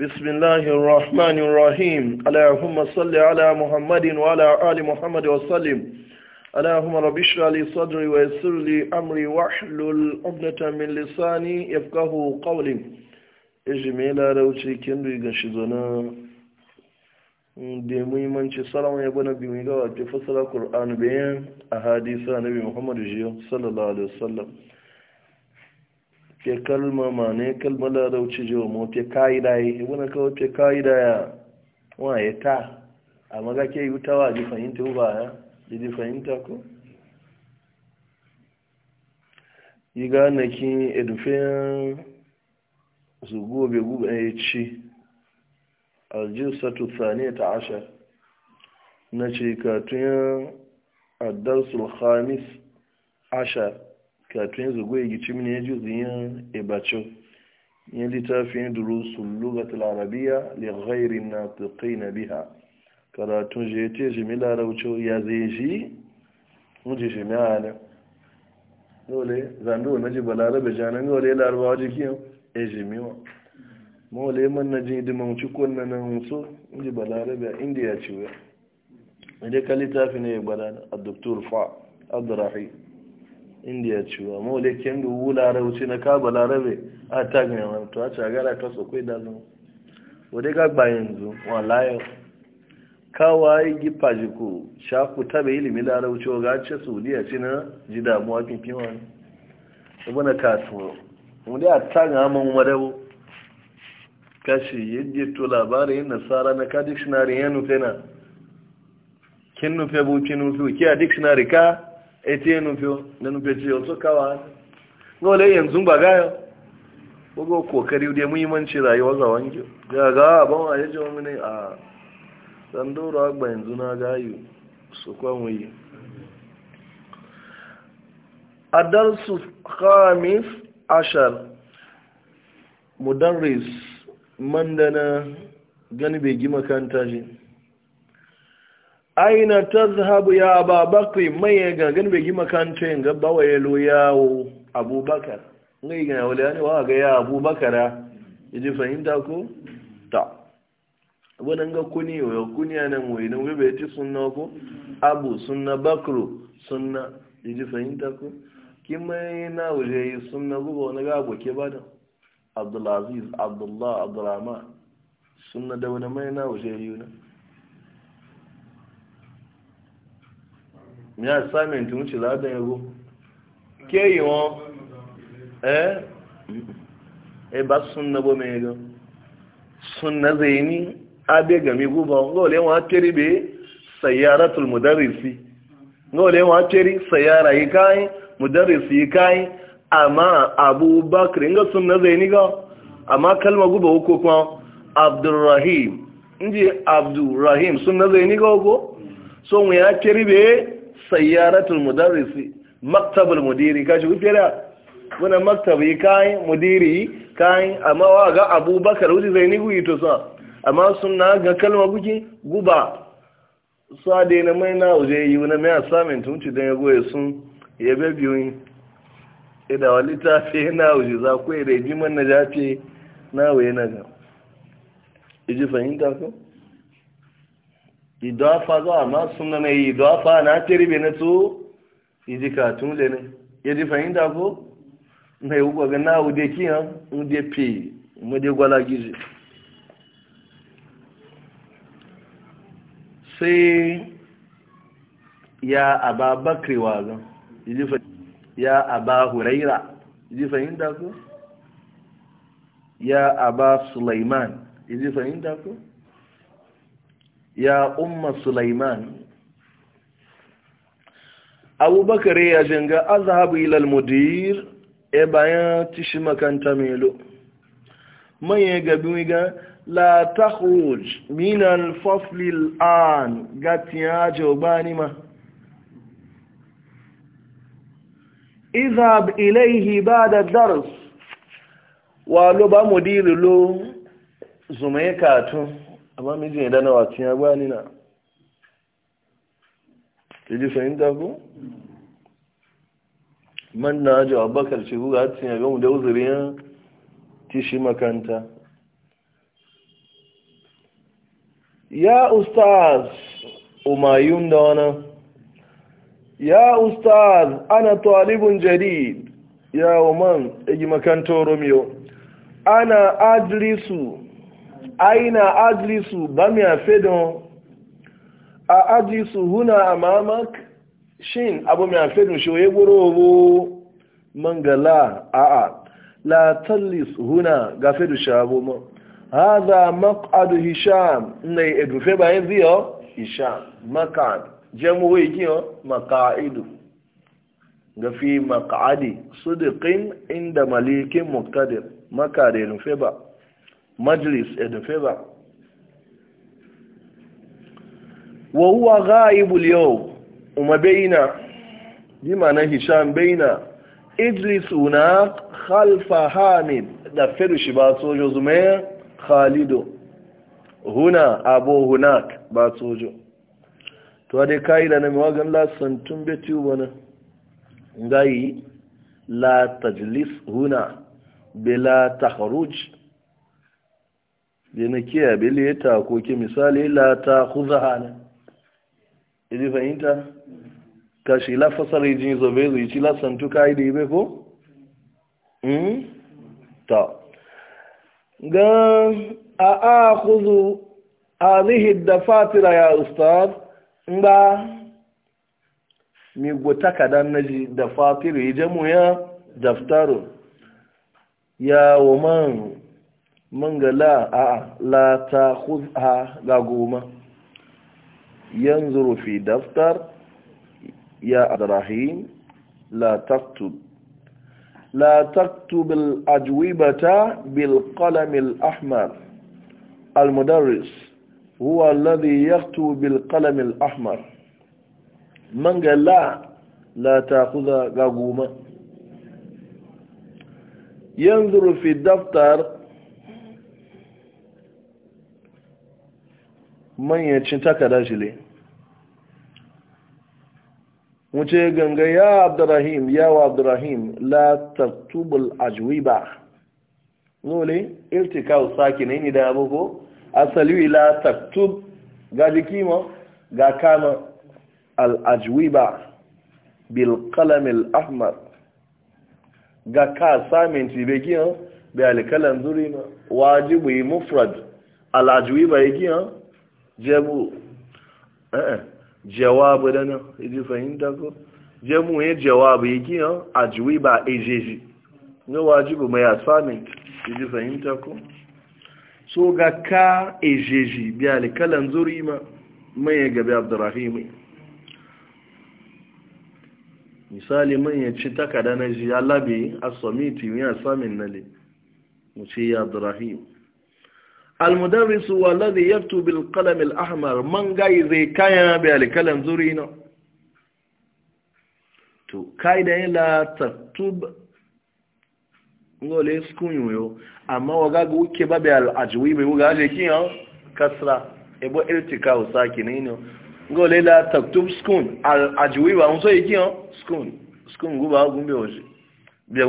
بسم الله الرحمن الرحيم اللهم صل على محمد وعلى آل محمد وسلم اللهم رب اشرح لي صدري ويسر لي امري واحلل عقدة من لساني يفقه قولي اجمل روشي كندو يغشزونا دي muhimmanci salamun ya bana bi mai gawa ke fasara ƙur'an bayan a hadisa na bi muhammadu jiyo sallallahu alaihi ke kalma ma ne kalma da rauci jiwa mu ke ka'ida yi ibina kawai ke ka'ida ya waye ta amma ga ke yi tawa ji fahimta ba ya ji fahimta ko yi gane ki edufin su gobe gobe ya ci aljirsa tutsaniya ta ashar na cikatun adarsul khamis ashar katun yanzu goyi e gici mini ya e juzi yin e ibacin yin littafin durusun lugatul arabiya le ghairi na tukai na biha karatun je te shi mi larauco ya zai shi ji shi mi hana dole zando na ji balarabe janan gole larabawa jikin ya shi miwa mawale man na ji hidiman cikon na nan so ji balarabe a indiya ciwe ne dai ka littafi ne ya gbada a doktor fa abdurrahim indiya cewa mawale kendo wula rauci na kaba larabe a ta ne wani to a ce a gara ta sokwai dalin wadai gagba yanzu walayo kawai gifa jiko shafu taba ilimi larauci wa gace saudiya ce na ji damuwa kinkin wani na kasuwa wadai a tag haman madabo kashi yadda to labarin nasara na ka dictionary ya nufe na kin nufe bukin nufe ki a dictionary ka etiye nufio na nufeci yau suka wa gole yanzu ba gaya bugu kokari da muhimmanci rayuwa za wange ga ga ban wa yaje mu ne a dan doro agba yanzu na gayu su kwanwe yi adarsu khamis ashar mudarris mandana gani bai gima kan shi aina ta zahabu ya ababakar mai gangan bai yi makanta yin gaba wa yalo yawo abubakar ngai gina wale ne wa ga ya abubakara yaji fahimta ko ta Wani ga kuni wa kuni nan wai nan bai ci suna ko abu suna bakru suna. yaji fahimta ko kin mai na wuje yi suna go wani ga ba? bada abdulaziz abdullahi abdurrahman suna da wani mai na wuje yuna ní assignment ń ṣe ládùn ẹ̀rọ kí èyí wọn ẹ bá súnna bó mi gan ní abẹ́gàmí gúbọ̀ ńgọ́ wọn kéré bẹ́ẹ̀ sayyara tulmudarisi ńgọ́ lé wọn kéré sayara yìí káyín mudarisi yìí káyín amma abubakar ńgọ́ súnna zèyí ní gan amma kalma gúbọ̀ ó kó kan abdulrahim ndị abdulrahim súnna zèyí ní ó kó so wọn kéré sayyaratul mudarrisi maktabul mudiri kashi kuke da wani maktabi kayan mudiri kayan amma wa ga abubakar wuce zai ni guyi to sa amma suna ga kalma kuke guba su a daina mai na uje yi wani mai assignment wuce don ya goye sun yabe yi ida wa littafi na uje za ku yi da ji man na jafe na waye na ga iji fahimta ko idafa zuwa ma suna na idafa na tiribe na to iji katun le ne ya ji fahimta ko na yi ga na wude kiyan wude pe wude gwala gizi sai ya aba bakri wazan ya aba huraira iji fahimta ko ya aba sulaiman iji fahimta ko ya umma sulaiman abubakar ya janga azhabu ila almudir e bayan tishi makanta melo manye gabi ga la takhruj min alfasl al'an gatiya jawbani ma izhab ilayhi ba'da ad-dars wa lo ba mudir lo zumaye amma mijin ya dana wacin ya ba ni na ji fahimta ko man na ajo abakar ce ga hatin ya gamu da ti tishi makanta ya ustaz umayun da wana ya ustaz ana talibun jadid ya man egi makanta romeo ana adrisu aina ajlisu bamiya fedon a ajlisu huna amamak shin abu mai fedon shi waye gorobo mangala a'a la tallis huna ga fedon shi abu ma haza makadu hisham ne edufe bayan ziyo hisham maqad jamu yiyo maqaidu ga fi maqadi sidqin inda malikin muqtadir makarin ba majlis ya da feba wa huwa ghaibul yawm uma bima na hisham baina idris khalfa hamid da fedu shi ba sojo zume khalido huna abu hunak ba sojo to dai kai da na mawagan la santun beti wana ngai la tajlis huna bila takhruj da na kiya bele ya takoki misali la ta huza hana ili fahimta ka shi la fasara jin zobe zuci la santuka da ibe ko mm ta ga a akhudhu hadhihi dafatira ya ustad ba mi gota kadan naji dafatira jamu ya daftaru ya waman manga la a la ta ha ga goma yanzuru fi daftar ya abdurrahim la taktub لا تكتب الأجوبة بالقلم الأحمر المدرس هو الذي يكتب بالقلم الأحمر من قال لا لا تأخذ قاقوما ينظر في الدفتر manyacin takada jile wuce ganga ya abdurrahim wa abdurrahim la taktubul ajwiba nole irtikau saki ne ni da abuko asali la taktub ga jikima ga kama al ajwiba bil qalam al ahmar ga ka samin tibegiyan bi al kalam durina wajibi mufrad al ajwiba yagiyan jabu eh, eh jawabu da nan idi fahimta ko bụ ya jawabu ya yan eh? ajwiba ejeji no wajibu mai assignment iji fahimta ko so ga ka ejeji bi alkalan zurima mai gabi abdurrahim misali mun ya ci takada na ji alabi asomiti ya samin nale mu ce ya abdurrahim المدرس wallazi yaktu bil qalam al ahmar man gai zai kaya bi al kalam zurina to kaida la taktub ngole skunyu yo amma waga guke babe ebo iltika usaki nino ngole la taktub skun al ajwi wa unso yikiyo skun skun guba gumbe oje bi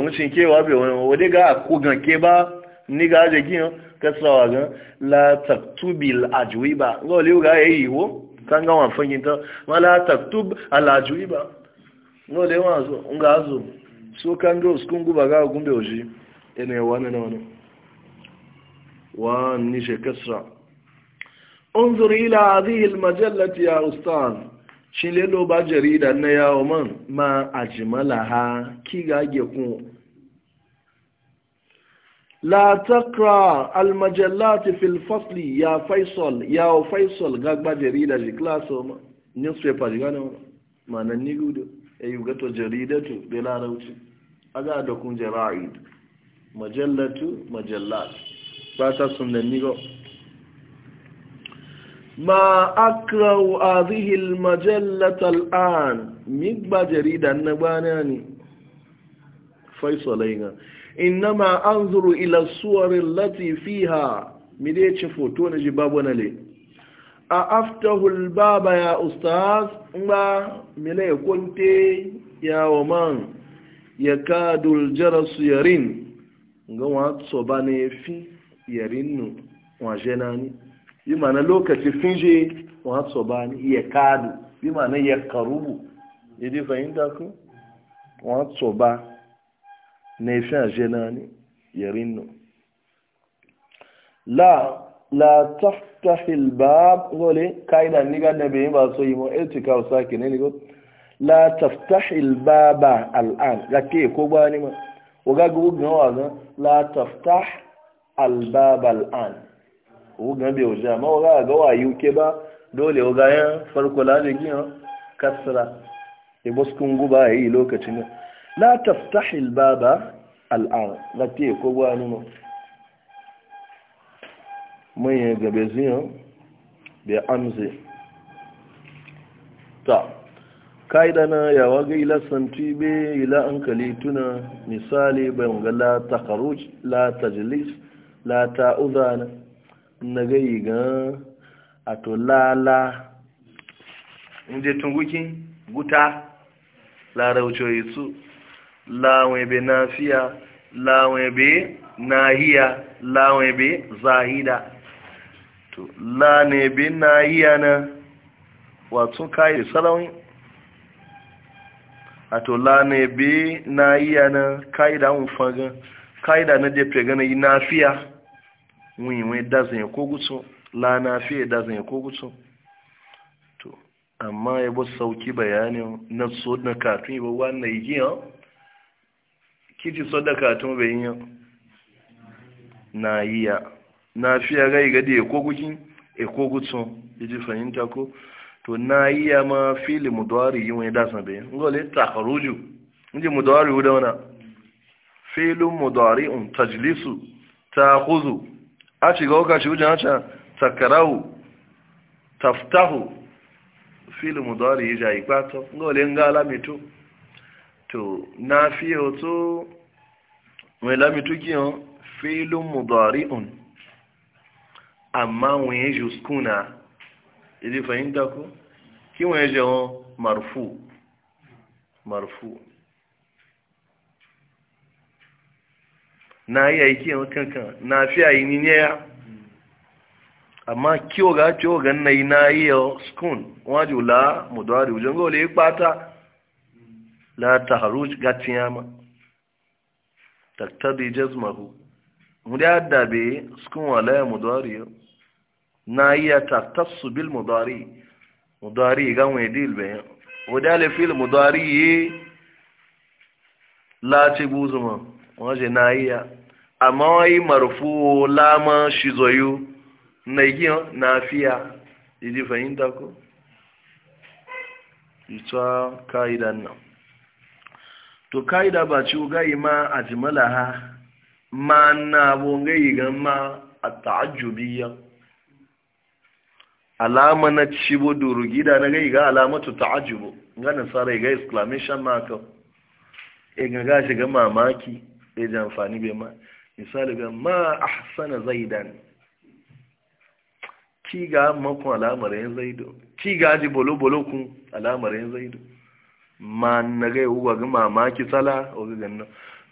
ga ni kasawa ga la taktubil ajwiba ngo liu ga yayi e wo kanga wa fanyinta ma la taktub al nga zo so kando skungu baga gumbe oji ene wana na wana na yawo ma ajmalaha ki ga La takra almajallati fil fasli ya faisal ya faisal gagba jarida shi klaso ma newspaper ji gane wani ma'anar ni gudu ya yi gato jaridatu bai larauci a ga da kun jara'i majallatu majallat ba ta sun da nigo ma akrau a zihil majallatal an mi ba jarida na gbani ne faisal ainihin innama anzuru ila suwarin lati fiha mi ya ci foto na ji babu na le a aftahul baba ya ustaz ba mila kunte ya wa man ya kadul jarasu yarin ga wato ba na fi yarin nu waje na ni yi mana lokaci finje wato ba ni ya kadu yi mana ya karubu ya fahimta ku wato ba nefin aje na ni yarin no la la taftahi albab gole kaida ni ga nabi ba so yi mo etika usaki ne ni go la taftahi albaba al'an ga ke ko ba ni ma waga go ga wa ga la taftah albaba al'an o ga be o ja ma waga ga wa yuke ba dole waga ya farko la ne gi kasra e boskun guba yi lokacin la taftahi albaba al'an na te ko gwa ni mo mun gabe zuyo bi amzi ta kaida na ya waga ila santi be ila ankali tuna misali bayan ga la takharuj la tajlis la na na ga ato lala inje tunguki guta la raucoyi su lawon ebe nafiya lawon ebe nahiya lawon ebe zahida to la ne ebe nahiya na wato kai salawin ato la ne ebe nahiya na kai da amfaga kai da na jefe gana yi nafiya winwe dazin ko gutsu la nafiya dazin ko gutsu to amma yabo sauki bayanin na so na kafin yabo wannan yi giyan kici sadaka tun bai yin na yiya na fiya ga gadi ya kogukin ya kogutsun ya ji fahimta ko to na yiya ma fili mudawari yi wani dasan bai ngole takaruju inji mudawari wuda wana filin mudawari un tajlisu ta huzu a shiga waka shi wujan haca takarahu taftahu fili mudawari yi jayi kwato ngole ngala mito to na fi hoto mai lamituki yan filin mudari'un amma wọn yi juskuna idi fahimta ku kí wọn yi jẹun marufu marfu na yi aiki yan kankan na fi ayi ni ne ya amma kí o ga oga o ga nna yi na yi yau skun wájú la mudari ujen gole ya pata la taharuj gatiyama taktabi jazmahu mudi adabe sukun wala ya mudari na iya taktasu bil mudari mudari ga wani dil be wadi ale fil mudari yi la ce buzuma waje na iya amma wai marfu lama shizoyu na yi na fiya idi fahimta ko ita ka'idan nan to ka'ida ba ci gai ma a ha ma na bongai gan ma a ta'ajjubiyya alama na cibo gida na gai ga alamatu ta'ajjubu ga nasara ga exclamation mark e ga gashi ga mamaki e ji amfani bai ma misali ga ma ahsana zaidan ki ga makon alamarin zaido ki ga ji bolo bolo kun alamar alamarin zaido ma nage uwa ga mamaki tsala oga ganna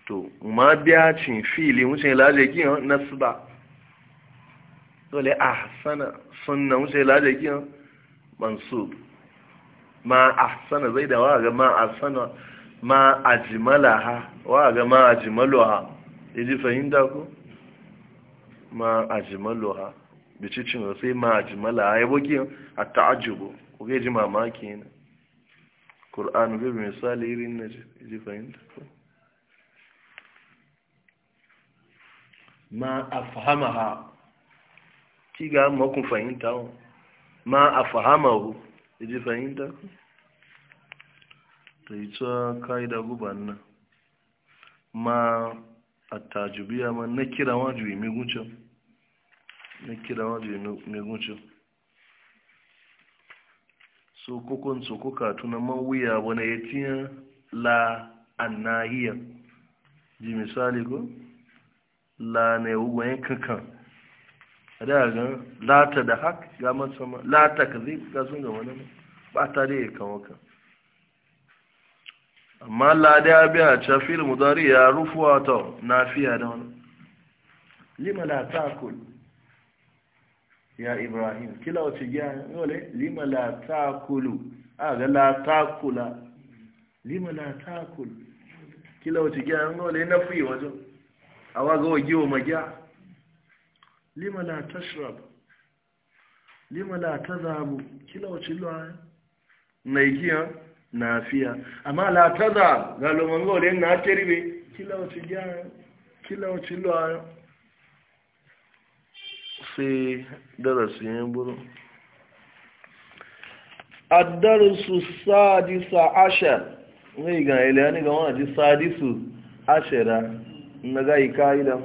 to ma biya cin fili wuce laje kiyo nasba dole a ahsana sunna wuce laje kiyo mansub ma ahsana zai da wa ga ma ahsana ma ajmalaha wa ga ma ajmaluha yaji fahimta ko ma ajmaluha bicicin sai ma ajmalaha Ya boki a ta'ajibu, ko ga ji mamaki ne ƙur'anu bai misali irin na ji fahimta ma a fahama ha ki ga makon fahimta wa ma a fahama hu ji fahimta ku ta yi tsohon ka'ida guban nan ma a tajubiya ma na kira wajen mai gucin na kira wajen mai su kukun su kuka tuna mawuya wani ya tiya la annahiya ji misali ko la ne yin kankan da ga lata da hak ga masama lata ka zai ga sun ga wani ba ta da ya kawo kan amma la da ya biya da mudari ya rufuwa ta na fiya da wani lima la ta kuli ya ibrahim kila wace giya yole lima la takulu a ga la takula lima la takul kila wace giya yole na fi wajen a waga wa giwa magiya lima la tashrab lima la tazabu kila wace luwa na igiya na fiya amma la tazabu ga lomangole na teribe kila wace giya kila wace luwa sai darasi ya buru addarisu sadisa ashar mai ga ilani ga wani sadisu ashara na ga yi ka'ida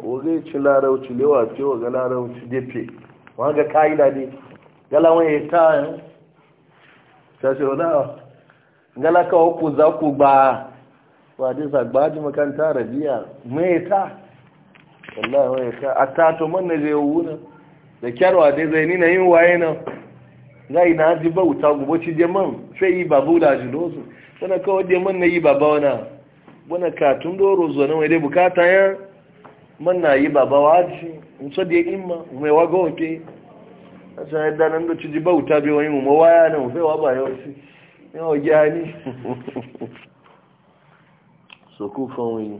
oge ci larauci lewa ce wa ga larauci jefe wani ga ka'ida ne galawan ya ta yin shashe Gala galaka hukun za ku ba wadin ji makanta rabiya mai ta wallahi wai ta atato man ne zai wuna da kyarwa dai zai nina yin waye nan gai na ji bauta ci je man sai yi babu da jilosu wana kawai je man na yi baba wana wana katun doro zonan wai dai bukata ya man na yi baba waji in so da imma mai waga oke a san yadda nan da ci ji bauta bai wani mu mawaya nan sai wa ba yawanci yawa gyani sokufan wuyi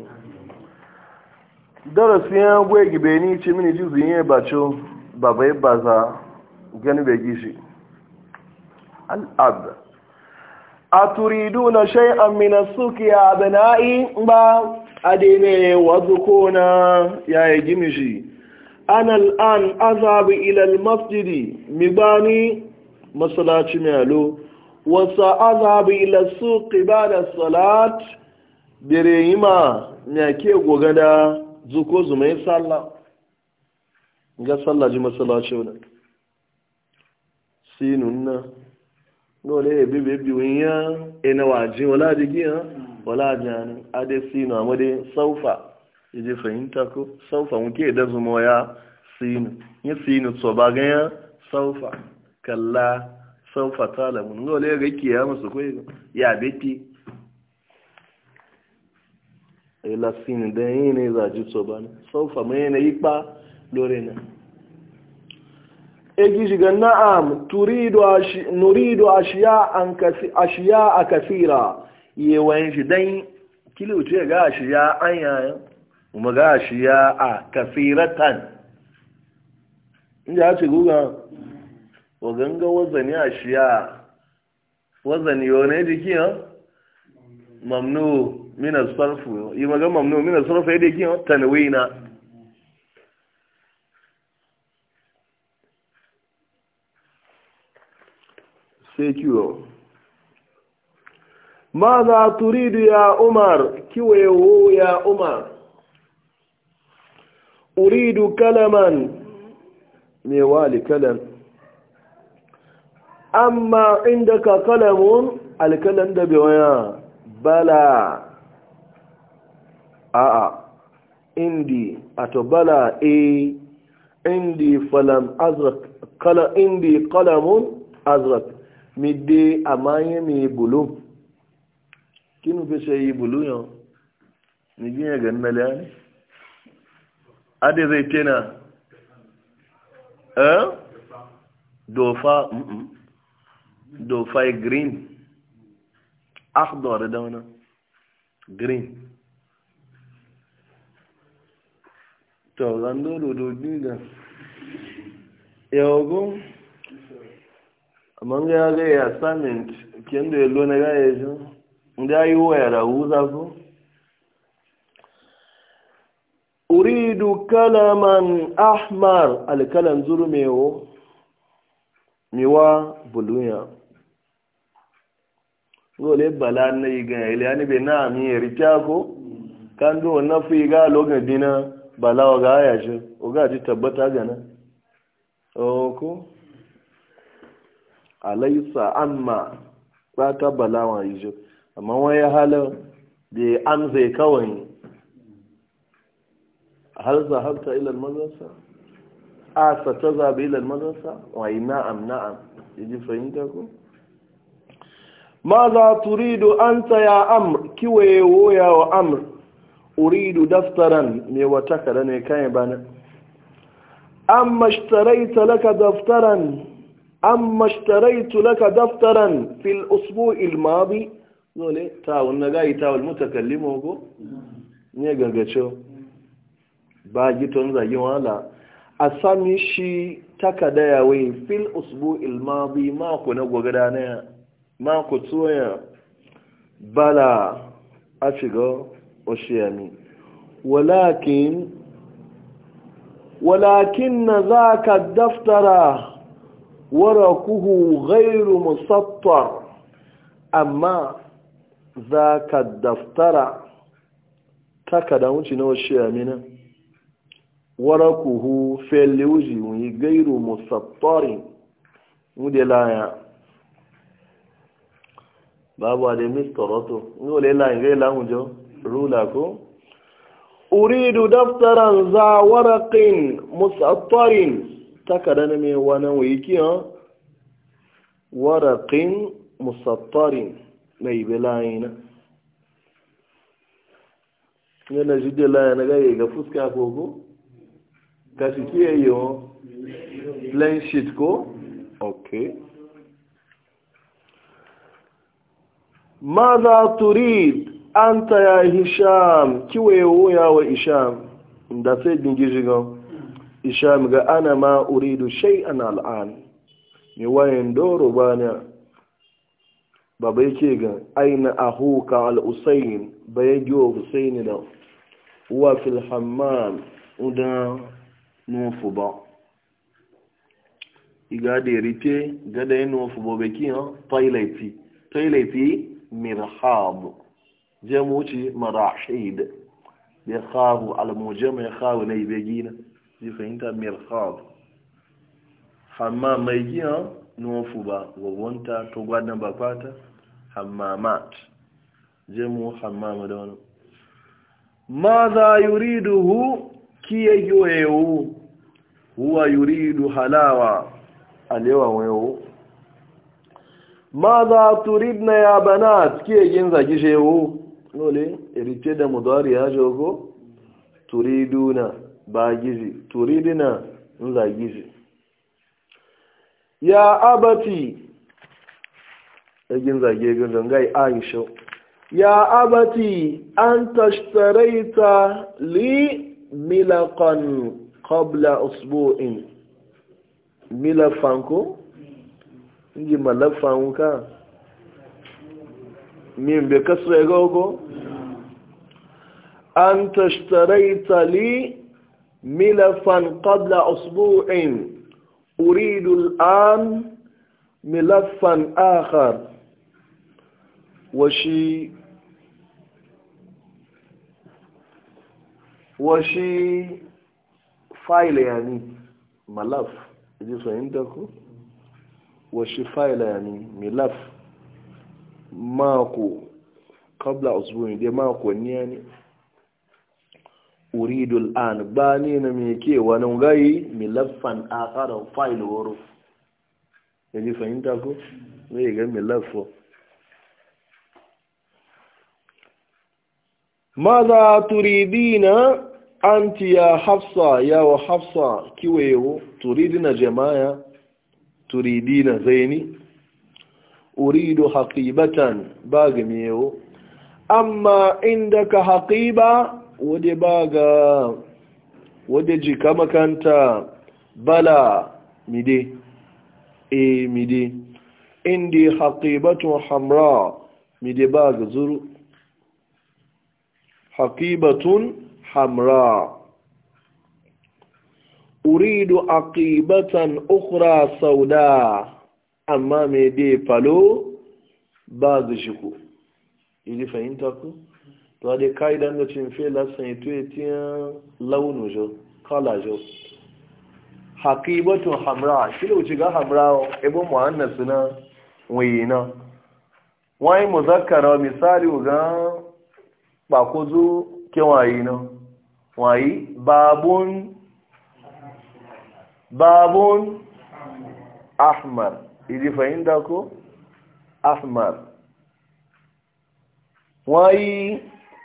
darasi ya gwe gibe ni ce mini ji zuyin bacho baba e ya baza gani bai al'ad a turidu na shai Amina suki a abina'i ba a daime wazuko na yaya e gimi shi al'an azabi ilal masjidi mi bani masalaci mai alo wasa azabi ilal suki ba da salat bere yi ma ya ke gogada zuko zuma yi salla ga tsalla ji masalaci wani sinun e na dole ya bibe biyun ya ina wala da giya wala jani ade sinu amma dai saufa iji je fahimta ko saufa nke da zuma ya sinu ya sinu so ba ganya saufa kalla saufa talamun dole ya ga ya su kwaye ya beti lasin da yi ne za ji so ba ne saufa mai na yi kpa lorena egi shiga na'am nurido ashiya a kasira yewayen shi don kiliwuce ga ashiya an yayin kuma ga ashiya a kasiratan ní mamnu mina sarfu yi magan mamnu mina sarfu yadda yake tanwina sai kiwo ma za turidu ya umar kiwo ya umar uridu kalaman wali kalan amma inda ka kalamun alkalan da bewaya bala a'a indi ato bala e indi falam azrak kala indi qalamun azrak midde amaye mi bulu kinu be se yi bulu yo ni ginya ganna lani ade zai tena eh dofa -mm. dofa e green akhdar da wannan green to zando dodo diga yawago amman ya ga ya assignment kendo ya lona ga ya ji da yi waya da huza ko uridu kalaman ahmar alkalan zurmewo miwa buluya gole bala na yi ga ile ani be na mi kan kando na fi ga logan dinan bala wa ga ya shi oga ji tabbata ga nan ko alaisa amma ba ta bala yi shi amma wani ya halar da ya amzai kawai ne. hal zahabta ila mazarsa, a sata zabe ila mazarsa, wa na'am na'am yaji fahimta ko ma za turidu an tsaya amr kiwaye woya wa amr uridu daftaran me wata kada ne kayan bana amma ishtaraita laka daftaran amma ishtaraitu laka daftaran fil usbu ilmabi. ta ta wal go ne ba zagi wala a sami shi fil mako bala a shiga oṣìyàmí walakin walakin na za ka daftara warakuhu ghairu musattar amma za ka daftara takada wuce na oṣìyàmí na warakuhu gairu laya babu a da mistoroto ní olè láyìn rẹ̀ láhùn jọ rula ko uridu daftaran za waraqin musattarin takada ne mai wannan wiki ha waraqin musattarin mai bilayina yana jide laya na gaya ga fuska ko ko ka shi kiyaye yo plain sheet ko okay ماذا تريد anta ya hisham kiwe ya wa isham da sai gingiji ga isham ga ana ma uridu shay'an al'an ni wayan doro bana baba yake ga aina ahuka al-usayn bayajo husayn da huwa fil hammam uda nufu ba iga da rite gada yin nufu ba beki ha toilet toilet mirhab jamuci marashid ya khabu almujama ya khabu na ibe gina zai fahimta mirkhab hamma mai gina fuba ba gwagwanta to gwadon ba kwata hammamat jamu hammama da wani ma za yuriduhu kiye yoyewu huwa yuridu halawa alewa wewu ma za turidna ya banat kiye ginza gishewu nole rice da mudari ya turidu turiduna ba gizi na nla gizi ya abati egin zage gudun gai aisho ya abati an tashtaraita li milakon qabla usbu'in milafanko inji ka? من بكسر غوغو أنت اشتريت لي ملفا قبل أسبوع أريد الآن ملفا آخر وشي وشي فايل يعني ملف إذا فهمتكم وشي فايل يعني ملف mako kabla usbuhi dai mako ne uridu al'an ba ne na me ke wani gayi milaffan akara file woro yaji fahimta ko me ga milaffo ماذا تريدين أنت يا حفصة يا حفصة كيويو تريدين جماعة تريدين زيني uridu haƙibatan ba ga mewo amma inda ka haƙiba wadda ba ga wadda jika kanta bala mide e mide inda haƙibatun hamra mide ba ga zuru haƙibatun hamra uridu aqibatan ukhra sauda amma mai dai falo ba da shi ku idi fahimta ku to da ka'idan da cin fela san ito ya e tiya launu jo kala jo haqibatun hamra shi da wuce ga hamra ibn e muhannas na wayina wai muzakkara misali ga ba ko zu ke wayi na wayi babun babun ahmar iji fahimta ahmar wayi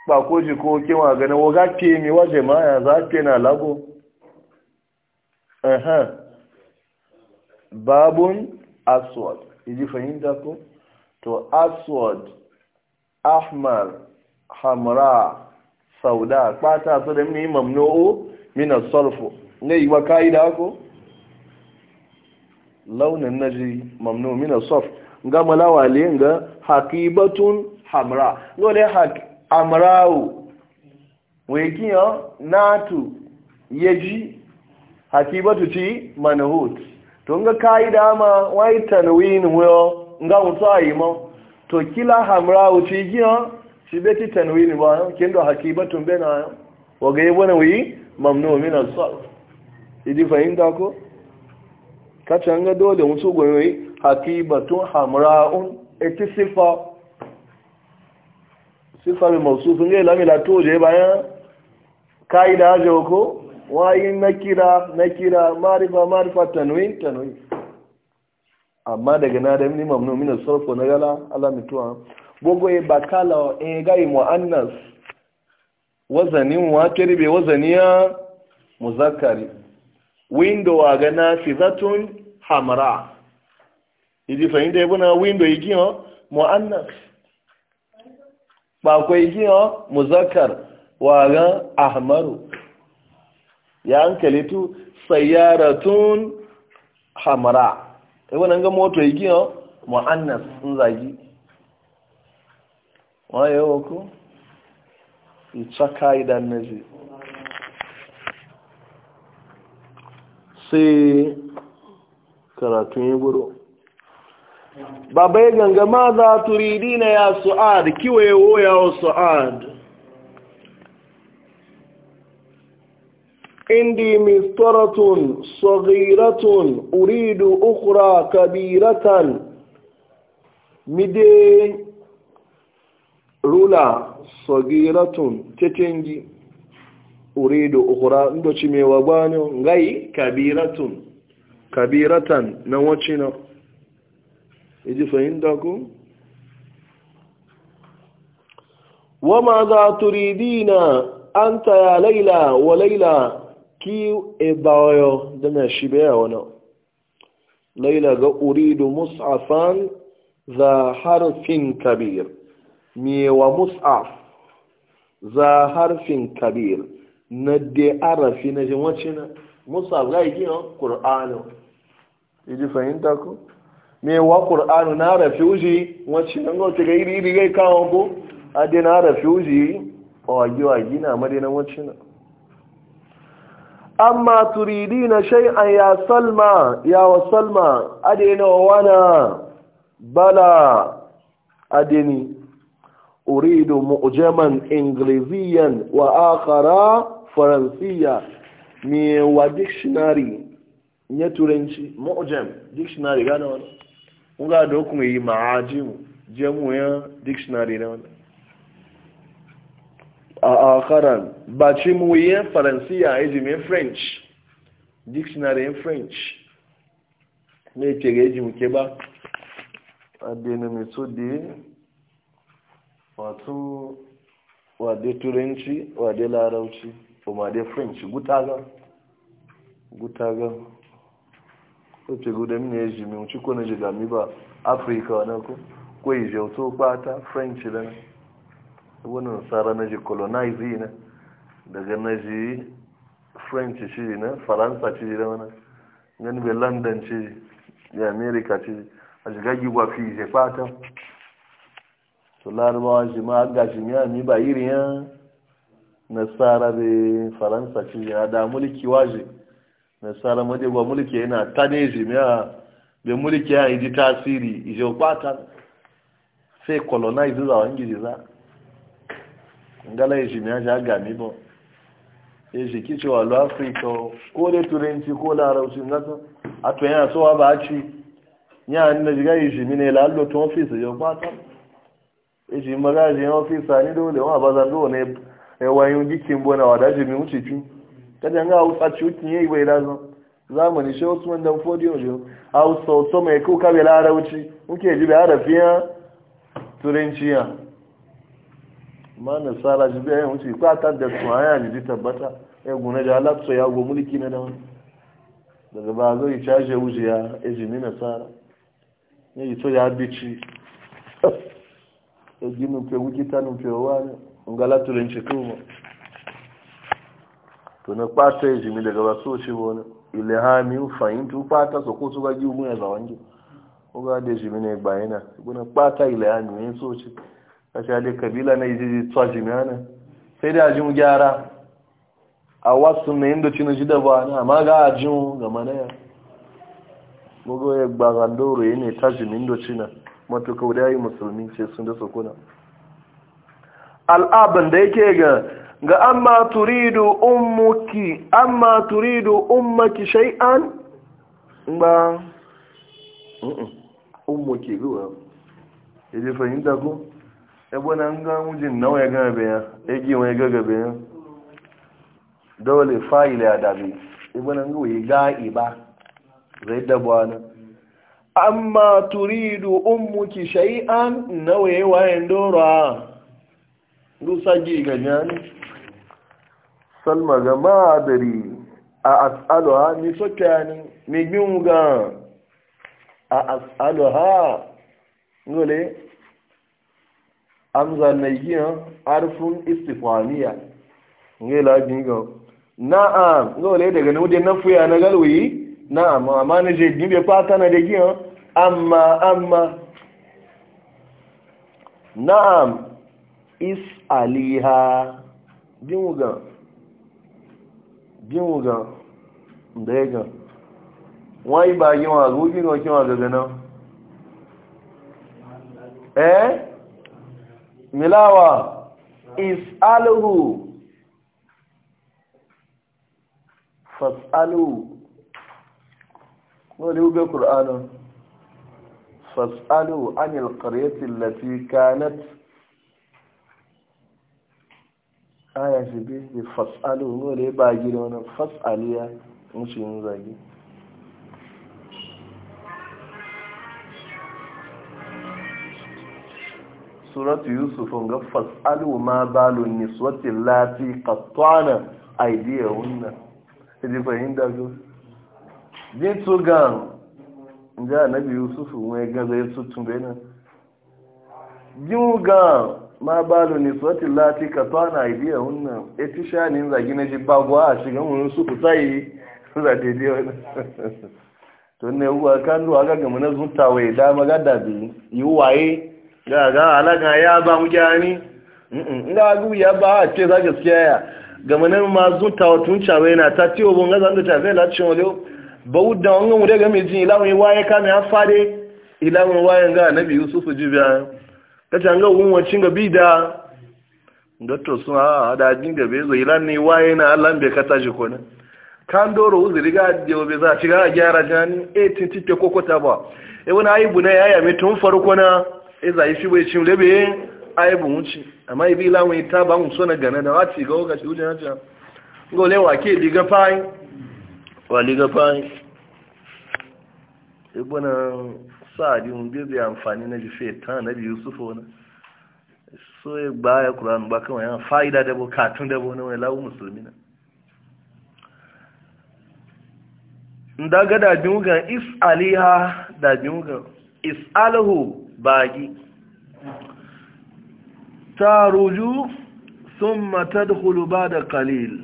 bakoji ko kó kí kewa ganin wọ́n gafe mi wa yàn za náà na lago babun aswad ìdí to aswad ahmar hamra sauda pátá su da mímọ̀ mamnu'u min as-sarf ne yi launin naji mamnu min soft saf ga nga hakibatun ga haqibatun hamra gole haq amrau weki ji natu yeji haqibatu ti manhut to ga kaida ma wai tanwin wo nga utai mo to kila hamrau ti giyo sibeti tanwin ba kendo haqibatun bena wa ga yebona wi mamnu min soft saf idi fahimta ko kacin ga dole musu gwamnati hakibatun hamra'un eti sifa sifa mai mausufin ga ilamila toje bayan ka'ida aje ko wayin na kira na kira marifa marifa tanwin tanwin amma daga na da minimum no min sarfo na gala ala mituwa bogo e bakala e ga muannas wazanin wa kirbe wazaniya muzakkari window aga nafizatun hamra idi fahimta ya ibuna window yi giyo mu'annas ba kwai giyo muzakkar waga ahmaru ya hankali tu sayyaratun hamra ya buna ga moto yi giyo mu'annas sun zagi waye wako ita na nazi sai karatun ya guro baba ya ganga ma za turi dina ya su'ad kiwaye woya wa su'ad indi mistaratun uridu ukura kabiratan mide rula saghiratun cecenji. uridu ukhra ndo chime wagwano ngai kabiratun kabiratan na na? iji fahimta ku wama za turidina anta ya laila wa laila ki ebayo dana shibe wana laila ga uridu mus'afan za harfin kabir mi wa mus'af za harfin kabir na de arafi na jin wacce na musa ga yi yin ƙur'anu iji fahimta ko me wa ƙur'anu na arafi uji wacce na ga ga iri iri gai kawo ko a de na arafi uji a wagi wagi na amade na wacce na amma turidi na shay'an ya salma ya wa salma ade na wana bala adini uridu mu'jaman ingiliziyan wa akhara faransiya wa dictionary ya turanci mu'jam dictionary gane wani ƙunga da kuma yi ma'ajimu jamuyan dictionary na wani a akaran ba ce yi faransiya a ejimin french dictionary in french ne ce ga ejimin ke ba a mai so da wato wade turanci wade larauci kuma dai french gutaga gutaga o guda mini eji jimi uci ko na jiga mi ba afirka wana ko ije e e yi jauto french da na wani nasara na ji colonize na daga na ji french ci na faransa ci na wana gani bai london ci da amerika ci a shiga gigwa fi ije pata to larabawa shi ma aga shi mi iri ya. nasara be faransa ci ya da mulki waje nasara made gwa mulki yana taneji me be mulki ya yi tasiri ije kwata sai colonize za wangi za ngala yi me ja ga mi bo e je kici wa lo afrika ko le turenci ko la rausi ngato ato yana so ba ci nya na jiga yi mi ne la lo to office je kwata e ji magaji office ani dole wa bazan dole ya wayin gikin bona wa da jimi wuce fi kada nga hausa ń wukin yayi bai da zan ìwé shi Usman dan ó tún hausa to mai ku ka bela arauci muke ji bai arafiya turanciya ma na sara ji bai wuce ka ta da su aya ji tabbata ya e gune da Allah ya go mulki na da wani daga caje ya e ngala tulin ci tuba to na kwata ya jimi daga basu ci wani ilhamin fahimtu kwata su ko su ga gi mun ya zawan gi ko ga da jimi ne bayana guna kwata ilhamin yin so ci kasha da kabila na yi tsawa jimi ana sai da ajin gyara a wasu na yin da ci na ji da ba na ma ga ajin ga mana ya gogo ya gbagandoro yana ta jimin do cina matuka da yi musulmi ce sun sokuna al'aban da yake ga ga amma turidu ummuki amma turidu ummaki shay'an ba ummuki ruwa yaje fahimta ko ebo nan ga mujin nawa ya gabe ya egi wa ya gabe ya dole fa'ila ya dabi ebo nan ga yi ga'iba zai dabwa na amma turidu ummuki shay'an nawa ya wayan dora rusa gi ga jani salma ga ma'adari a as'aluha ni soka ni ni gbin ga a as'aluha ngole amza na yi arfun istifaniya ngela gi ga na'am ngole daga ne na nafuya na galwi na'am amma ne je gibe fata na da gi amma amma na'am Is is'aliha biwuga biwuga da ya ga wani bagin wa gugin wakin wa gaga nan eh milawa fasalu fas'aluhu wani ube ƙur'anin fas'aluhu anil ƙaryatin lati kanat aya fi bi bi fasalu ngo le ba gida wannan fasaliya musu yin zagi suratu yusuf ga fasalu ma balu niswati lati qattana aydiyahunna idi da zo din to gan ga nabi yusuf mai ga zai tutun Ji jin gan ma ne niswatin lati ka tana aidiya e hunna ya e ti sha ne zagi na ji gwa a shiga mun su kusa yi za de wani to ne uwa kan aka ga gama na zunta wai dama ga dabi yi waye ga ga alaka ya ba mu gyani ga gu ya ba a ce za gaskiya ya gama nan ma zunta tun cawe na ta ciwo bon ga ta tafe la cin wajo bawudda wannan mu daga mai jin ilawun waye ka mai hafade ilawun waye ga nabi yusuf jibiya ka canga wunwacin ga bida gato sun hawa da abin da bai zai lan ne waye na allan bai kata shi kone kan doro uzi riga da bai za shiga a gyara jani e eh, tintike kokota ba e wani aibu na yaya mai tun farko na e zai shi bai cin lebe aibu wuce amma ibi lamun ta ba mu sona gane da wati ga ga shi wujen haja gole wa ke diga fai wa diga fai e bona sa'adi mun bai bai amfani na jife ta na biyu sufa wani so ya baya ƙuran ba kawai yana fa'ida da bukatun da wani wani lagun musulmi na da ga dabin wugan is'aliha gan is alahu bagi ta ruju sun matadhulu ba da kalil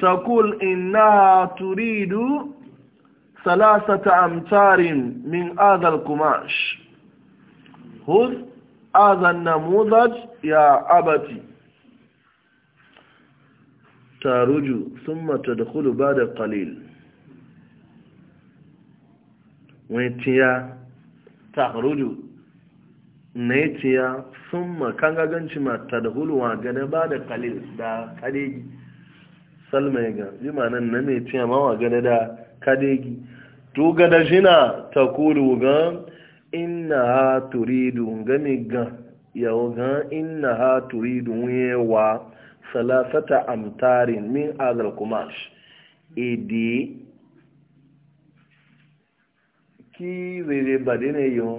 takul ina turidu ثلاثة أمتار من هذا القماش خذ هذا النموذج يا أبتي تارج ثم تدخل بعد قليل ويتيا تخرج نيتيا ثم كان غنشي ما تدخل وغنى بعد قليل دا قليل سلمي يغا بما نن نيتيا ما وغنى دا kadegi tuga da jina ta kulu gan ina ha turidu ga gan yau gan ina ha turidu wa salasata amtarin min azal kumash idi e ki zai bade ne yau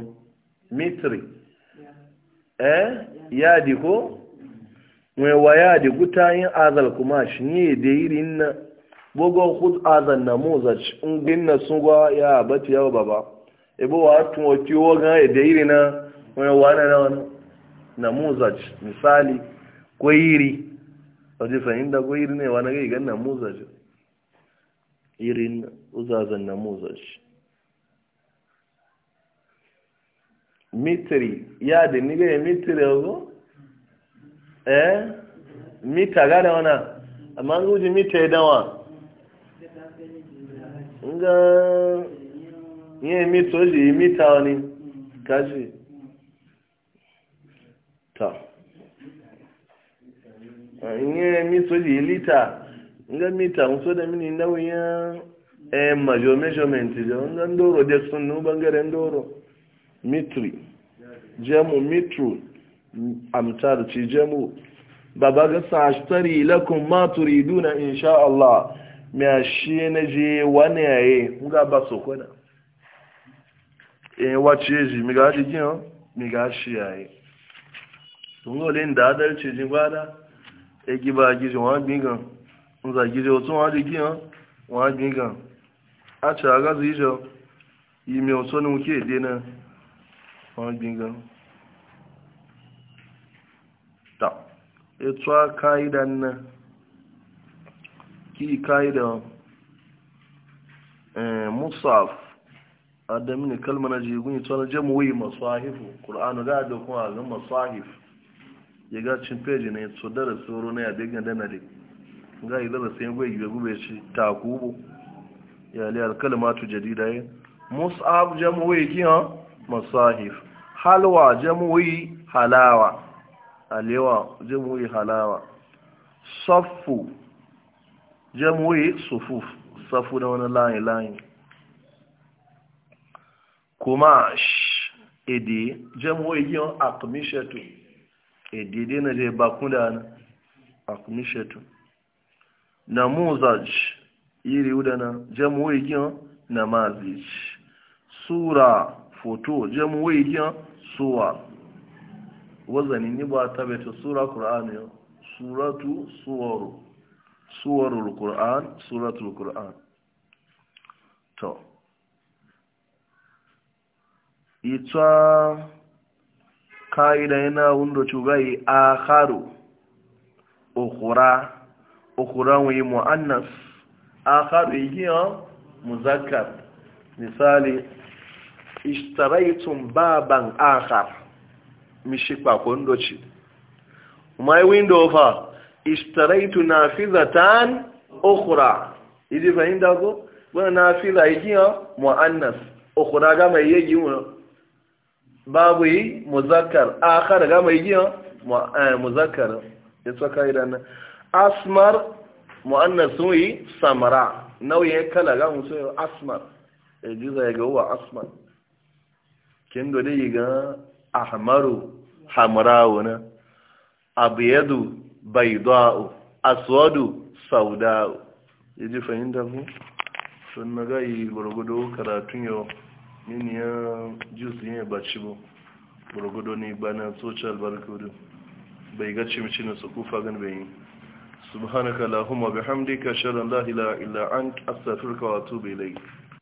mitri eh yadi ko mm. wewa yadi guta yin azal kumash ni e da irin na bogon kud azan na muzaj ngin na sungwa ya bati yawa baba ebo wa tun o kiwo ga e de iri na wani wana na wana na misali ko iri waje fahimta ko iri ne wana ga igan na irin uzazan na mitri ya de ni ga mitri ogo eh mita gana wana amma uji mita dawa nga ihe mita o ji mita ni kashi ta ihe mita o ji lita nga mita nso da mini nauyin eh majo measurement jo nga ndoro de sun no bangare ndoro mitri jamu mitru amtar ci jamu baba ga sa ashtari lakum ma turiduna insha Allah mai shi ne je wani aye nga ba so kwana e, wa wace ji mi ga ji o oh? mi ga shi yaye ngo le nda da ce ji da? e gi ba gi ji wan gbin gan nza gi ji o tun wan jigin o oh? wan gbin gan a a ga zi jo yi mi o so ni ke de na wan gbin gan ta e twa kai na ki kaida eh, musaf adamin kalmar na jigun tsohon jamuwi masahifu ƙul'anu ga da kuma ga masahif ya ga cin peji ne so da tsoro na yabe ganda na da ga yi zara sai gwai gube gube shi takubu ya liyar kalmatu jadida ya musaf jamuwi ki ha masahif halwa jamuwi halawa alewa jamuwi halawa saffu jamwai sufuf safu da wani layi-layi kuma ede jamwai yin akumishetu ede dai na je bakun da ana akumishatu na muzaj iri udana jamwai yin namazij sura foto jamwai yin suwa wazanin ni ba tabbata sura kur'ani suratu suwaru suwarul Qur'an suratul Qur'an to ita ka'ida yana wundo cugayi akharu okura okura wa muannas yi yiyo muzakar misali istaraitun baban akhar mishi kwa kondochi my window fa ishtaraitu nafizatan ukhra idi fahimta ko wannan nafiza yake muannas ukhra ga mai yegi babu yi muzakkar akhar ga mai yegi muzakkar ya tsaka idan asmar muannas yi samara nauyin kala ga musu asmar jiza ga wa asmar kin dole ga ahmaru hamrauna Abiyadu. baidau aswadu saudau yaji fahimtar mu. sun na gwargwado karatun yau mini ya yin baci bu gwargwado ne bana social barcode bai ga cimici na su kufa gan bai subhanaka lahumma bihamdika ka la ilaha illa an astaghfiruka wa atubu